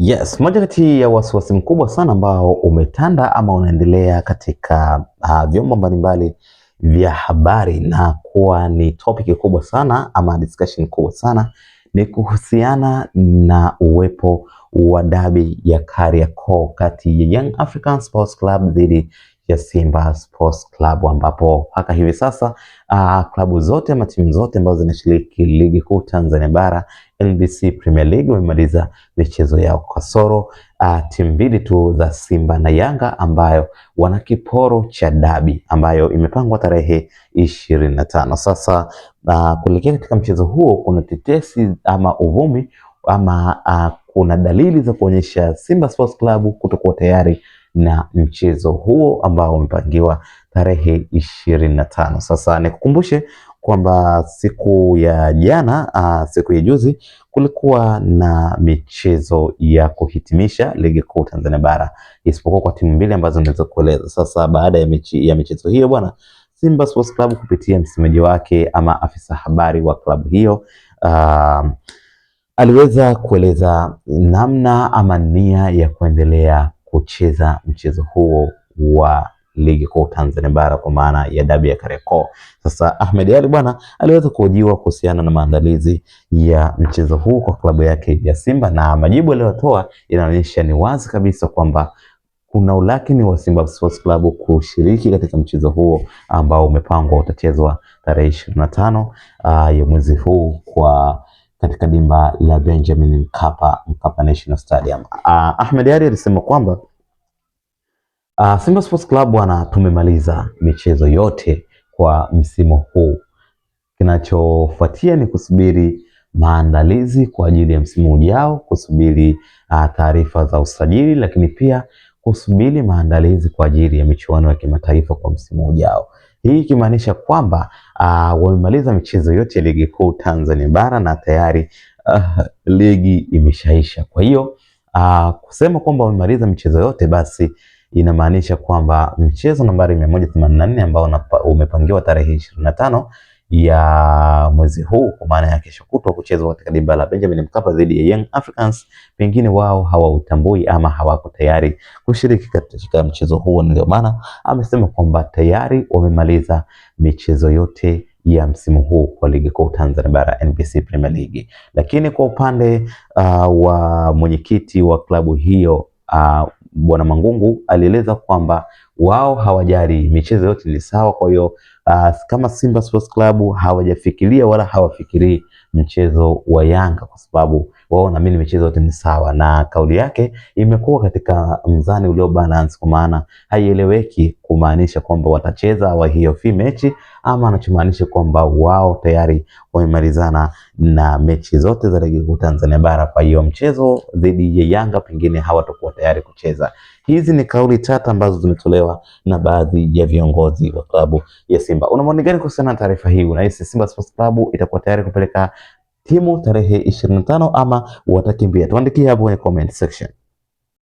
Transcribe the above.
Yes, moja kati ya wasiwasi mkubwa sana ambao umetanda ama unaendelea katika uh, vyombo mbalimbali vya habari na kuwa ni topic kubwa sana ama discussion kubwa sana ni kuhusiana na uwepo wa dabi ya Kariakoo kati ya Young African Sports Club dhidi ya Simba Sports Club ambapo mpaka hivi sasa uh, klabu zote ama timu zote ambazo zinashiriki ligi kuu Tanzania bara NBC Premier League wamemaliza michezo yao kasoro uh, ah, timu mbili tu za Simba na Yanga ambayo wana kiporo cha dabi ambayo imepangwa tarehe ishirini na tano. Sasa uh, kuelekea katika mchezo huo kuna tetesi ama uvumi ama uh, kuna dalili za kuonyesha Simba Sports Club kutokuwa tayari na mchezo huo ambao umepangiwa tarehe ishirini na tano. Sasa nikukumbushe kwamba siku ya jana uh, siku ya juzi kulikuwa na michezo ya kuhitimisha ligi kuu Tanzania bara, isipokuwa kwa timu mbili ambazo naweza kueleza sasa. Baada ya, michi, ya michezo hiyo bwana, Simba Sports Club kupitia msemaji wake ama afisa habari wa klabu hiyo uh, aliweza kueleza namna ama nia ya kuendelea kucheza mchezo huo wa ligi kuu Tanzania bara kwa maana ya dabi ya Kariakoo. Sasa Ahmed Ally bwana aliweza kuhojiwa kuhusiana na maandalizi ya mchezo huu kwa klabu yake ya Simba na majibu aliyotoa inaonyesha ni wazi kabisa kwamba kuna ulakini wa Simba Sports Club kushiriki katika mchezo huo ambao umepangwa utachezwa tarehe ishirini na tano ah, ya mwezi huu kwa katika dimba la Benjamin Mkapa, Mkapa National Stadium. Uh, Ahmed Ally alisema kwamba uh, Simba Sports Club wana tumemaliza michezo yote kwa msimu huu, kinachofuatia ni kusubiri maandalizi kwa ajili ya msimu ujao, kusubiri ah, taarifa za usajili, lakini pia kusubiri maandalizi kwa ajili ya michuano ya kimataifa kwa msimu ujao. Hii ikimaanisha kwamba uh, wamemaliza michezo yote ya ligi kuu Tanzania bara na tayari uh, ligi imeshaisha. Kwa hiyo uh, kusema kwamba wamemaliza michezo yote basi inamaanisha kwamba mchezo nambari 184 ambao umepangiwa tarehe 25 ya mwezi huu kwa maana ya kesho kutwa kuchezwa katika dimba la Benjamin Mkapa dhidi ya Young Africans, pengine wao hawautambui ama hawako tayari kushiriki katika mchezo huo. Ndio maana amesema kwamba tayari wamemaliza michezo yote ya msimu huu kwa ligi kuu Tanzania bara NBC Premier League. Lakini kwa upande uh, wa mwenyekiti wa klabu hiyo uh, Bwana Mangungu alieleza kwamba wao hawajali, michezo yote ni sawa. Kwa hiyo uh, kama Simba Sports Club hawajafikiria wala hawafikirii mchezo wa Yanga kwa sababu wao mimi michezo yote ni sawa, na kauli yake imekuwa katika mzani ulio balance, kwa maana haieleweki kumaanisha kwamba watacheza wa hiyo fi mechi ama anachomaanisha kwamba wao tayari wamemalizana na mechi zote za ligi kuu Tanzania bara. Kwa hiyo mchezo dhidi ya Yanga pengine hawatakuwa tayari kucheza. Hizi ni kauli tata ambazo zimetolewa kutolewa na baadhi ya viongozi wa klabu ya Simba. Una maoni gani kuhusiana na taarifa hii? Unahisi Simba Sports Club itakuwa tayari kupeleka timu tarehe 25 ama watakimbia? Tuandikie hapo kwenye comment section.